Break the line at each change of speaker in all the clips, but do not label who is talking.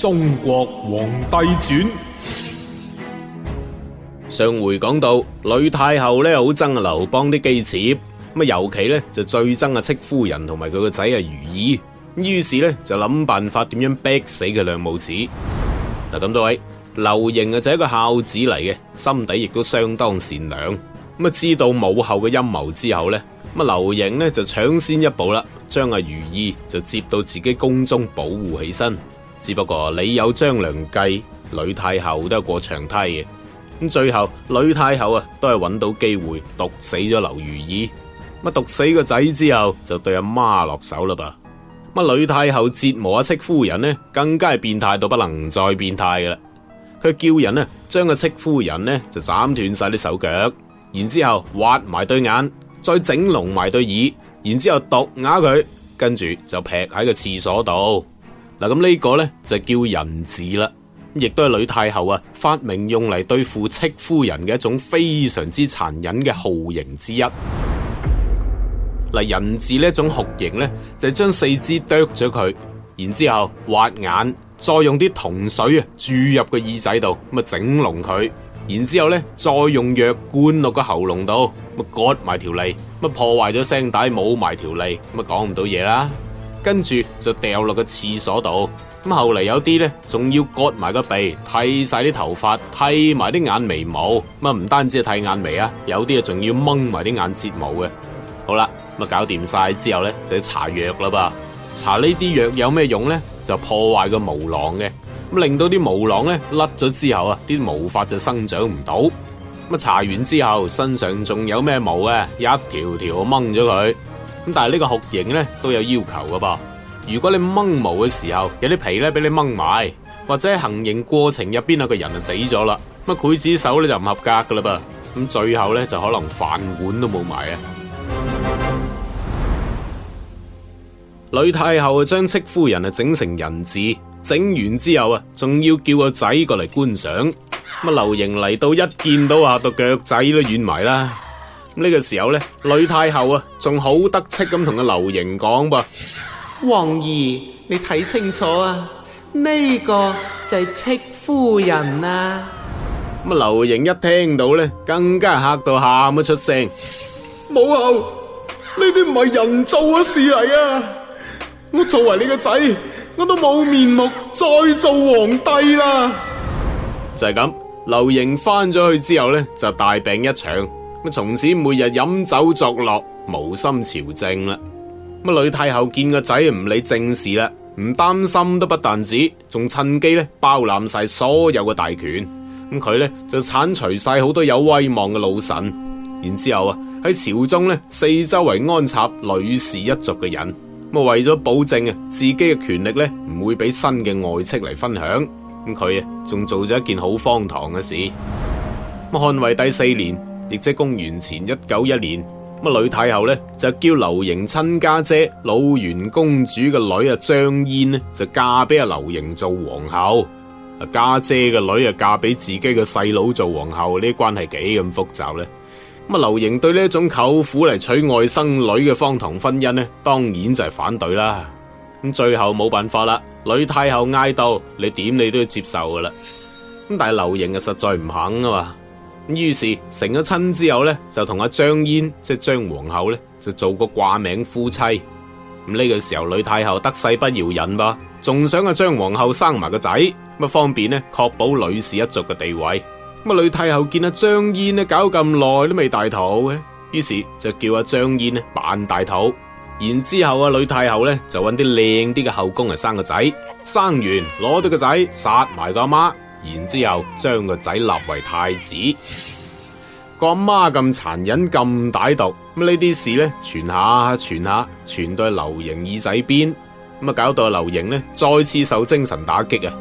中國皇帝傳，上回講到呂太后呢好憎劉邦啲姬妾，咁啊尤其呢就最憎啊戚夫人同埋佢個仔啊如意，於是呢就諗辦法點樣逼死佢兩母子嗱。咁多位劉盈啊，就係一個孝子嚟嘅，心底亦都相當善良咁啊。知道母后嘅陰謀之後呢，咁啊劉盈呢就搶先一步啦，將阿如意就接到自己宮中保護起身。只不過你有張良計，呂太后都係過牆梯嘅。咁最後呂太后啊，都係揾到機會毒死咗劉如意。咁毒死個仔之後，就對阿媽落手啦噃，乜呂太後折磨阿戚夫人呢？更加係變態到不能再變態㗎啦。佢叫人呢，將個戚夫人呢就斬斷晒啲手腳，然之後挖埋對眼，再整聾埋對耳，然之後毒啞佢，跟住就劈喺個廁所度。嗱，咁呢個呢，就叫人彘啦，亦都係呂太后啊發明用嚟對付戚夫人嘅一種非常之殘忍嘅酷刑之一。嗱， 人彘呢一種酷刑呢，就係將四肢剁咗佢，然之後挖眼，再用啲銅水啊注入個耳仔度，咁啊整聾佢，然之後咧再用藥灌落個喉嚨度，咪割埋條脷，咪破壞咗聲帶，冇埋條脷，咪講唔到嘢啦。跟住就掉落個廁所度，咁後嚟有啲咧，仲要割埋個鼻，剃晒啲頭髮，剃埋啲眼眉毛，咁啊唔單止係剃眼眉啊，有啲啊仲要掹埋啲眼睫毛嘅。好啦，咁啊搞掂晒之後咧，就搽藥啦噃。搽呢啲藥有咩用咧？就破壞個毛囊嘅，咁令到啲毛囊咧甩咗之後啊，啲毛髮就生長唔到。咁啊搽完之後，身上仲有咩毛啊？一條條掹咗佢。咁但係呢個酷刑咧都有要求噶噃，如果你掹毛嘅時候有啲皮咧俾你掹埋，或者行刑過程入邊有個人就死咗啦，咁劊子手咧就唔合格噶啦噃，咁最後呢就可能飯碗都冇埋啊！呂 太后啊將戚夫人啊整成人彘，整完之後啊，仲要叫個仔過嚟觀賞，咁劉盈嚟到一見到啊，到腳仔都軟埋啦。呢個時候咧，呂太后啊，仲好得戚咁同阿劉盈講噃：皇兒，你睇清楚啊，呢個就係戚夫人啊！咁啊，劉盈一聽到咧，更加嚇到喊咗出聲：母后，呢啲唔係人做嘅事嚟啊！我作為你個仔，我都冇面目再做皇帝啦！就係咁，劉盈翻咗去之後咧，就大病一場。咁從此每日飲酒作樂，無心朝政啦。咁呂太后見個仔唔理政事啦，唔擔心都不單止，仲趁機咧包攬晒所有嘅大權。咁佢咧就鏟除晒好多有威望嘅老臣，然之後啊喺朝中咧四周圍安插呂氏一族嘅人。咁為咗保證啊自己嘅權力咧唔會俾新嘅外戚嚟分享，咁佢啊仲做咗一件好荒唐嘅事。咁漢惠帝四年。亦即公元前一九一年，咁呂太后呢就叫劉盈親家姐魯元公主嘅女啊張嫣呢就嫁俾阿劉盈做皇后，啊家姐嘅女啊嫁俾自己嘅細佬做皇后，呢啲關係幾咁複雜呢？咁啊，劉盈對呢一種舅父嚟娶外甥女嘅荒唐婚姻呢，當然就係反對啦。咁最後冇辦法啦，呂太后嗌到：「你點你都要接受噶啦！」咁但係劉盈啊實在唔肯啊嘛。咁於是成咗親之後呢，就同阿張嫣即係張皇后呢，就做個掛名夫妻。咁呢個時候，呂太后得勢不饒人噃，仲想阿張皇后生埋個仔，咁啊方便呢，確保呂氏一族嘅地位。咁啊，呂太后見阿張嫣咧搞咁耐都未大肚嘅，於是就叫阿張嫣咧扮大肚。然之後阿、啊、呂太后呢，就揾啲靚啲嘅後宮嚟生個仔，生完攞咗個仔殺埋個阿媽。然之後將個仔立為太子，個媽咁殘忍咁歹毒，咁呢啲事咧傳下傳下，傳到劉盈耳仔邊，咁啊搞到劉盈咧再次受精神打擊啊！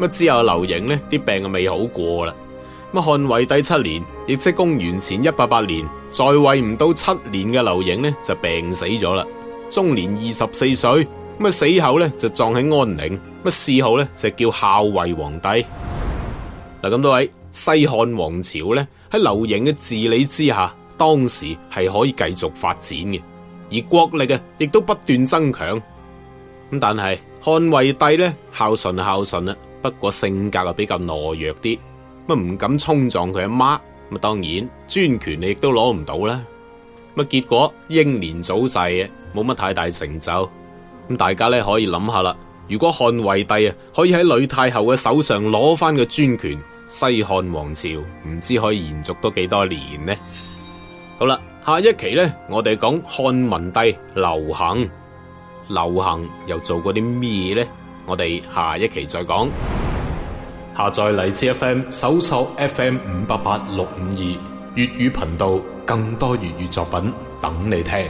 咁之後劉盈咧啲病啊未好過啦，咁啊漢惠帝七年，亦即公元前一八八年，在位唔到七年嘅劉盈咧就病死咗啦，終年二十四歲。咁死後呢就葬喺安寧。咁啊，事後咧就叫孝惠皇帝嗱。咁多位西漢王朝呢，喺劉盈嘅治理之下，當時係可以繼續發展嘅，而國力啊亦都不斷增強。咁但係漢惠帝呢，孝順孝順啦，不過性格啊比較懦弱啲，咁唔敢衝撞佢阿媽，咁啊當然專權你亦都攞唔到啦。咁啊結果英年早逝嘅，冇乜太大成就。咁大家咧可以諗下啦，如果漢惠帝啊可以喺呂太后嘅手上攞翻個專權，西漢王朝唔知可以延續多幾多年呢？好啦，下一期呢，我哋講漢文帝劉恒，劉恒又做過啲咩呢？我哋下一期再講。下載荔枝 FM，搜索 FM 五八八六五二粵語頻道，更多粵語作品等你聽。